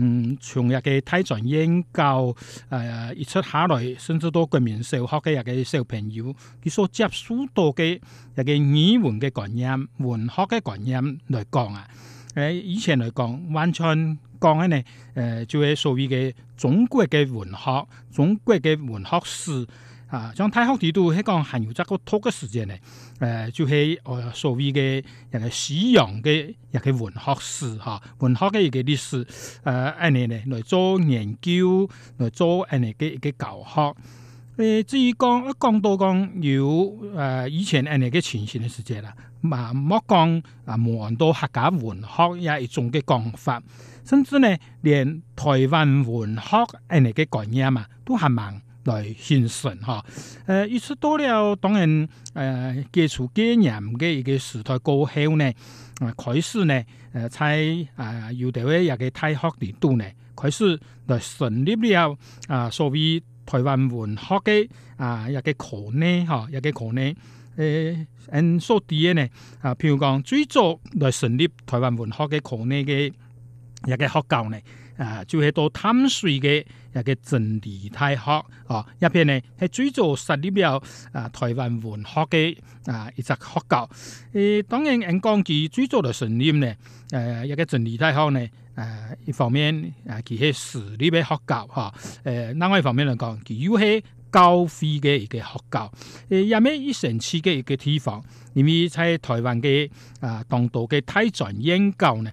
嗯，長日嘅體壇研究誒，一、呃、出下來，甚至到國民小學嘅日嘅小朋友，佢所接觸到嘅日嘅語文嘅概念、文學嘅概念嚟講啊，誒，以前嚟講，完全講起呢誒、呃，就係所謂嘅中國嘅文學，中國嘅文學史。啊，像太學地都喺講含有這個、呃、一個拖嘅時間呢，誒，就係誒所謂嘅人嘅使用嘅一個文學史哈、啊，文學嘅一個歷史，誒、呃，誒你咧嚟做研究，嚟做誒你嘅個教學。誒、呃，至於講一講到講由誒以前誒你嘅情形嘅時節啦，唔冇講啊，望到客家文學一種嘅講法，甚至呢連台灣文學誒你嘅概念啊，都係盲。來宣傳哈，誒、啊，越出多了，當然誒，基礎基念嘅一個時代過後呢、啊，開始呢，誒、呃，才誒，由、啊、到一入嘅大學年度呢，開始來成立了，啊，所謂台灣文學嘅啊，一個課呢，哈，一個課呢，誒，嗯，所啲嘅呢，啊，譬如講最早嚟成立台灣文學嘅課呢嘅，一個學校呢。啊，就係到淡水嘅一個真理大學，啊，入邊呢係最早成立比較啊台灣文學嘅啊一個學校。誒、啊，當然講起最早嘅成立呢，誒、啊、一個真理大學呢，啊一方面啊佢係私立嘅學校吓，誒、啊、另外一方面嚟講，佢又係高費嘅一個學校。誒、啊，有咩一神奇嘅一個地方？因為喺台灣嘅啊，當道嘅泰傳研究呢？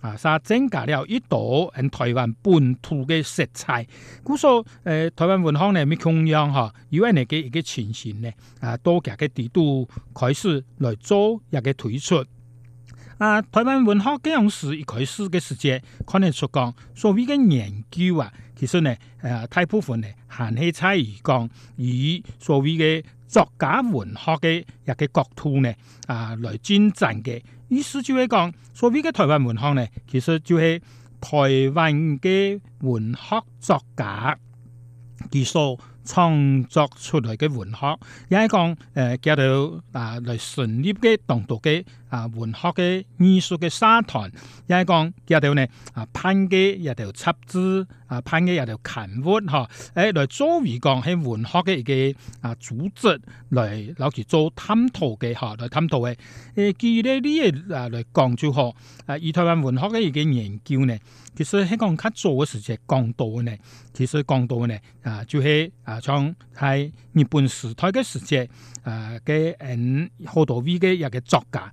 啊！增加了一度喺、嗯、台灣本土嘅色彩，估數呃，台灣文學呢，未強揚哈，因為你嘅一個情形呢，啊多嘅的地圖開始來做一個推出。啊！台灣文學咁樣時，一開始的時節，可能講所謂的研究啊，其實呢，誒、呃、大部分咧，韓氣差而講，以所謂的作家文學的一個角度呢，啊來進展的。意思就係講，所謂的台灣文學呢，其實就係台灣的文學作家，佢所創作出來的文學，也係講誒叫做啊嚟純啲嘅動盪嘅。啊，文學嘅藝術嘅沙壇，又係講也有條呢啊，攀機有條插枝，啊，攀機有條勤活嚇，誒，來作為講喺文學嘅一個啊組織，嚟攞嚟做探討嘅嚇，嚟探討嘅。誒，記咧呢啲啊嚟講就學啊，以台灣文學嘅一個研究呢，其實喺講佢做嘅時節更多嘅呢，其實更多嘅呢，啊，就係啊，從喺日本時代嘅時節，啊嘅嗯好多啲嘅一個作家。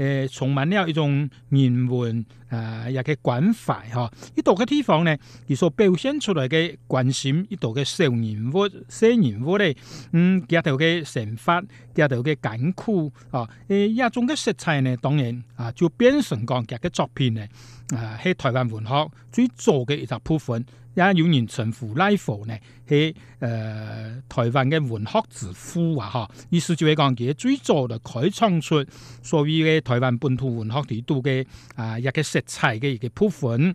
誒、呃，充滿了一種人文誒、呃、也嘅關懷。哈，呢度嘅地方咧，佢所表現出來嘅關心呢度嘅小人物、小人物咧，嗯，家頭嘅生活、家頭嘅艱苦啊，誒、哦、一種嘅色彩咧，當然啊，就變成講佢嘅作品咧，啊，喺台灣文學最做嘅一個部分。而有人稱胡拉佛呢係誒、呃、台灣嘅文學之父啊！哈，意思就係講佢最早就開創出所謂嘅台灣本土文學地度嘅啊一個色彩嘅一個部分。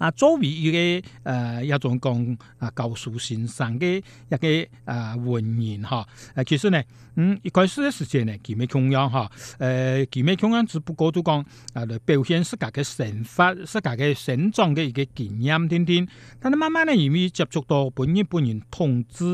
啊，作為一個誒、呃、一種講啊，教書先生嘅一個啊、呃，文人嚇，誒其實呢，嗯，一開始嘅時間呢，幾咪中央嚇，誒幾咪中央只不過就講啊來表現自家嘅成法，自家嘅成長嘅一個經驗聽聽。但係慢慢呢，而未接觸到本人本人統治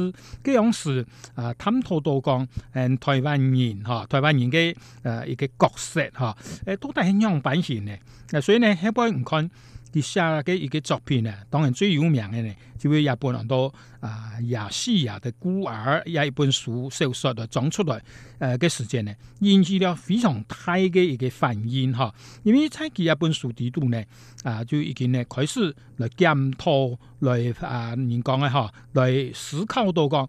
嗰樣事，啊，探討到講，嗯、呃，台灣人嚇，台灣人嘅誒、呃、一個角色嚇，誒都係樣板版型嘅，嗱、呃、所以呢，一般唔看。佢寫嘅一個作品呢，當然最有名的，咧，就係、是、日本人都啊亞細亞嘅孤兒，也一本書小說啊，講出來誒嘅、呃這個、時間咧，引起了非常大嘅一個反應哈，因為喺佢一本書度咧，啊就已經咧開始嚟檢討，來啊，人講嘅哈，嚟思考個。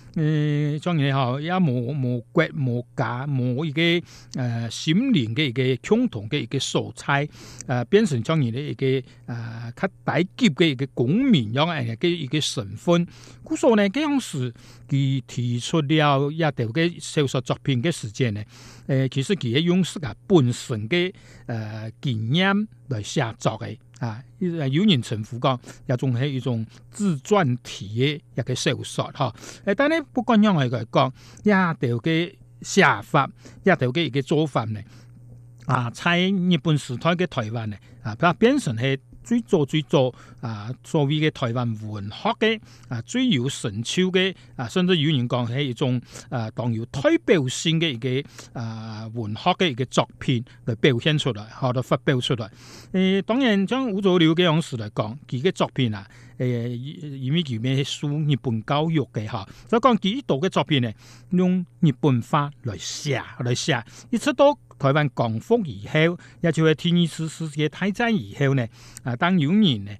誒，狀元咧，嗬，也冇冇骨冇架冇一個誒、呃，心靈嘅一個共同嘅一個色彩，誒、呃，變成狀元咧一個誒，較低級嘅一個公民樣嘅一個成分。故所呢，佢當時佢提出了一條嘅小說作品嘅時間呢，誒、呃，其實佢係用自家本身嘅誒經驗嚟寫作嘅。呃啊！有人稱呼，講也仲係一種自傳體嘅一個小、啊、說，但係不管點樣嘅講，一條嘅寫法，一條嘅一個做法咧，啊！喺日本時代嘅台灣咧、啊，啊，變成最早最早啊，所謂嘅台灣文學嘅啊，最有成就嘅啊，甚至語言講係一種啊，當有代表性嘅一個，一個啊文學嘅一個作品嚟表現出嚟，學到發表出嚟。誒、欸，當然將我做了解嗰時嚟講，佢嘅作品啊。誒、欸，因為叫咩書？日本教育嘅嚇，所以講佢呢度嘅作品咧，用日本法來寫，來寫。一直到台灣光復以後，也就係第二次世界大戰以後咧，啊，當然咧。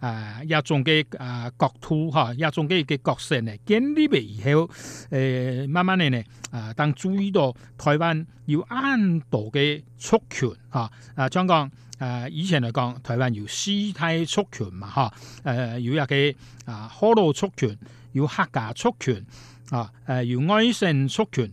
呃，一種嘅啊國土哈，一種嘅嘅角色咧，建立以後誒，慢慢嚟。咧啊，當注意到台灣要安度嘅族群哈啊，講、啊、誒、啊、以前嚟講台灣要四大族群嘛哈，誒要有嘅啊 Hollow 族群，要客家族群啊，誒要外省族群。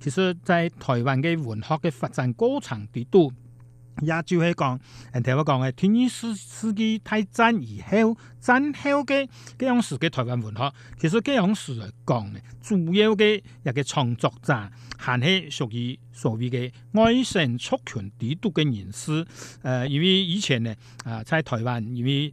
其實，在台灣嘅文學嘅發展過程，層度，也就係講，人哋話講嘅天一師師機太真而好，真好嘅，咁樣時嘅台灣文學，其實咁樣時嚟講咧，主要嘅一個創作者，還係屬於所謂嘅外省族群地都嘅人士，誒、呃，因為以前呢，啊、呃，喺台灣，因為。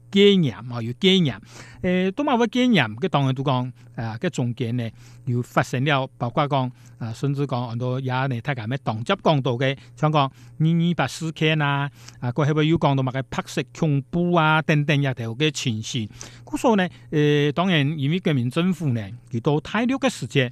概念啊，有概念，誒，都冇乜概念。佢當然都講，啊，嘅中間呢，又發生了，包括講，啊，甚至講，好多年嚟大家咩黨執講到嘅，想講二二八事件啊，啊，過去要講到乜嘅白色恐怖啊，等等一條嘅情形，咁所以咧，誒、呃，當然因為國民政府咧，佢都太短嘅時間。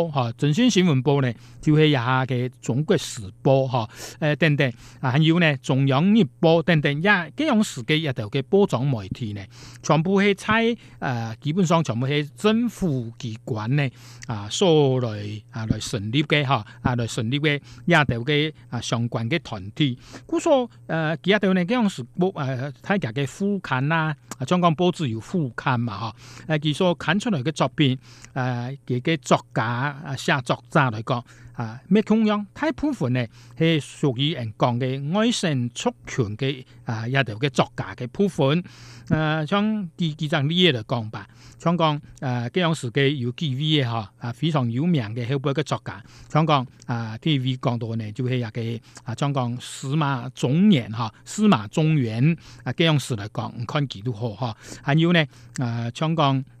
哈，最新新聞報咧，就係一下嘅中國時報，哈，誒等等，啊，還有咧中央日報等等，也，幾樣時嘅一啲嘅播種媒體咧，全部係差誒，基本上全部係政府機關咧，啊，所來，啊來成立嘅，哈，啊來成立嘅一啲嘅啊相關嘅團體。佢說誒，一啲呢，幾樣時報誒睇下嘅副刊啦，啊，香港報紙有副刊嘛，嗬，呃，據說刊出來嘅作品，呃，嘅嘅作家。啊！寫作者來講，啊咩同樣太部分咧，係屬於人講嘅外省出權嘅啊一條嘅作家嘅部分，呃幾幾呃啊呃，啊，像記記住呢啲嚟講吧。像講啊，咁樣時嘅有幾位嚇，啊非常有名嘅好本嘅作家。像講啊 t 位講到咧就係一個啊，像講司馬中原嚇，司馬中原啊，咁樣時來講，唔、嗯、看記錄好嚇。還有呢啊，像講。呃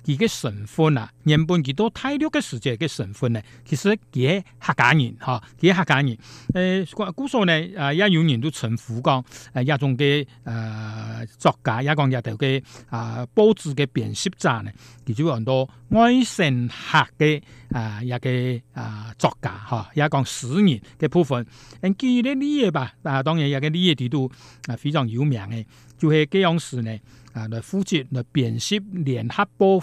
伊家成分啊，原本幾多睇劣嘅事情嘅成分呢，其實佢係客家人哈，佢客家人。誒，古時候咧，啊、呃，也有人都稱呼講，誒、呃，一種嘅誒作家，也講就頭嘅誒，報紙嘅編輯站呢，其中很多愛神客嘅啊，一個誒作家哈，一、哦、講詩人嘅部分。咁至於呢啲嘢吧，啊，當然也嘅呢啲嘢都啊非常有名嘅，就係咁樣事呢，啊，來負責來編輯，聯合報。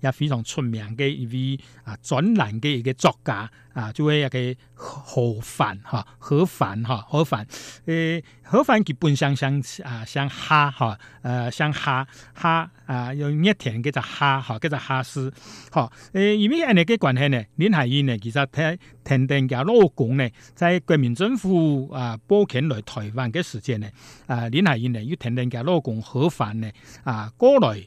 也非常出名的一位啊，專欄的一個作家啊，就喺、是、一個何凡、啊啊啊啊、哈，何凡哈，何凡，誒，何凡基本身上啊，像夏哈，誒，像夏夏啊，用一甜叫做夏哈、啊，叫做夏絲，誒、啊，因為這樣嘅關係呢，林海音呢，其實聽聽佢老公呢，在國民政府啊，派遣來台灣的時間呢，啊，林海音呢要聽聽佢老公何凡呢，啊，過來。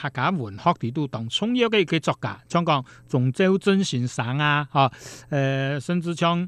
客家文學，地都當重要嘅作家，像講鍾肇政、曾先生啊，嚇、哦，誒、呃，甚至像。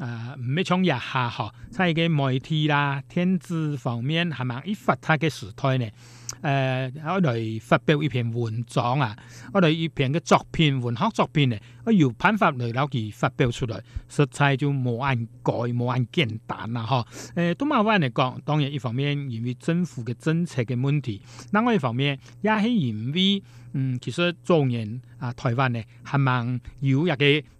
啊、呃，沒咩搶日下哈，在係嘅媒體啦、天資方面還咪一發他嘅時態呢。呃，後來發表一篇文章啊，後來一篇的作品、文學作品呢，我由辦法來攞嚟發表出來，實在就冇咁改、冇咁簡單啦，哈，呃，都麻煩來講，當然一方面因為政府嘅政策嘅問題，另外一方面也係因為，嗯，其實早年啊，台灣呢，還咪有一個？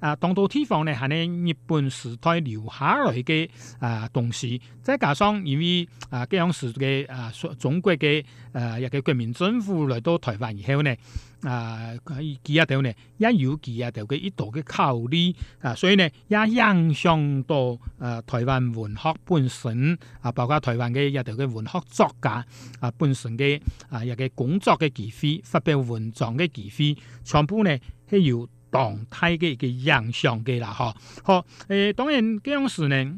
啊，當到地方咧係呢，呢日本時代留下來嘅啊東西，再加上由於啊咁樣時嘅啊中國嘅啊一個國民政府來到台灣以後咧，啊幾啊條咧，一有幾啊條嘅一啲嘅考慮，啊所以咧也影響到啊台灣文學本身啊包括台灣嘅一啲嘅文學作家，啊本身嘅啊一個工作嘅機會，發表文章嘅機會，全部咧係由。狀態嘅一個影響嘅啦，吓好誒、欸。當然，呢樣事呢，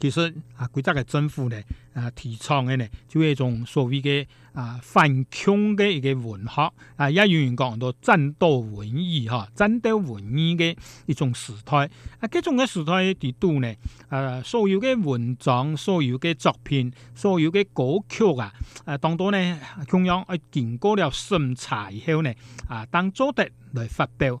其實啊，國家嘅政府呢，啊提倡嘅呢，就一種所謂嘅啊反共嘅一個文學啊，也有人講到戰鬥文藝吓，戰、啊、鬥文藝嘅一種時代啊。呢種嘅時代度呢，啊，所有嘅文章、所有嘅作品、所有嘅歌曲啊，啊，當呢到呢中央經過了審查以後呢，啊，當做得來發表。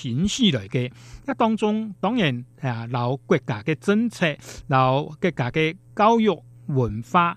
展示嚟嘅，一當中當然啊，有國家嘅政策，有國家嘅教育文化。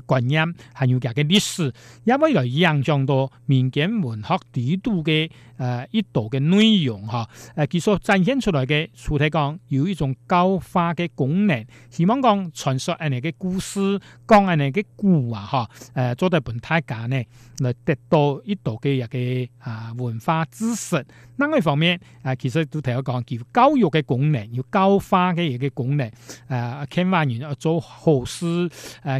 觀念還有佢嘅歷史，因為嚟影響到民間文學地圖嘅誒一度嘅、呃、內容嚇。誒、啊，其實展現出來嘅，主題，講有一種教化嘅功能。希望講傳説啊，呢個故事講啊，呢個故啊嚇。誒，做啲本太簡咧，嚟得到一度嘅一個啊文化知識。另外一方面啊，其實都提到講，叫教育嘅功能，要教化嘅一個功能。誒、啊，傾翻完啊，做好事。誒，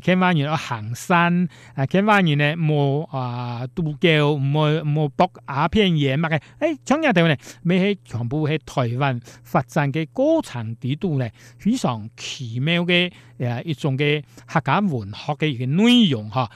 傾翻完啊。行山啊，睇花園咧，冇啊，度、呃、假，冇冇博阿片嘢脈嘅。誒、哎，總之就係咧，咪喺全部喺台灣發展嘅高層地度咧，非常奇妙嘅誒一種嘅客家文學嘅一個內容嚇，誒、啊、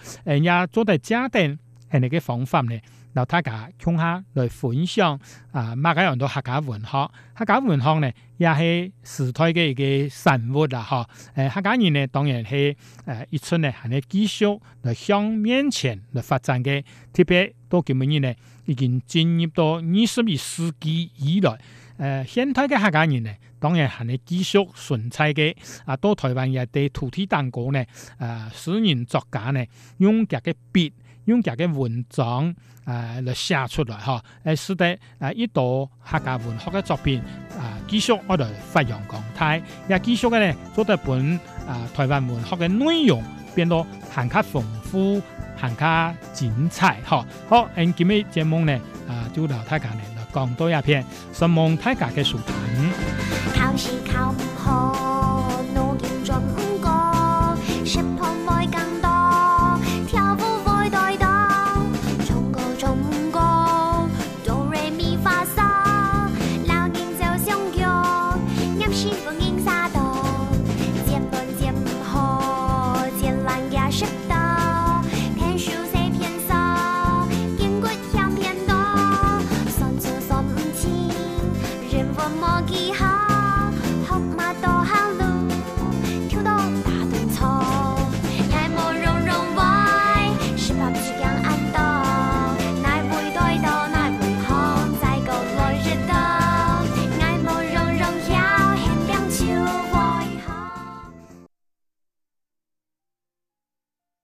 也做得假定係嚟嘅方法咧。.讓大家衝下嚟分享，啊馬家洋嘅客家文學，客家文學呢，也是時代的一個產物啦、啊，哈、呃，誒，客家人呢，當然係誒，以、呃、前呢還喺繼續來向面前來發展嘅，特別到今年呢已經進入到二十一世紀以來，誒、呃，現代的客家人呢，當然還喺繼續存在嘅，啊，到台灣也對土地蛋糕呢，啊、呃，私人作家呢，用假個筆，用假嘅文章。誒嚟寫出來嚇，誒使得誒依度客家文學嘅作品啊，繼續我哋發揚光大，也繼續嘅咧，將一本誒、呃、台灣文學嘅內容變到行卡豐富、行卡精彩嚇、哦。好，喺、嗯、今日節目呢，啊就到大家咧，講多一篇《孫孟大家嘅書堂》考試考好。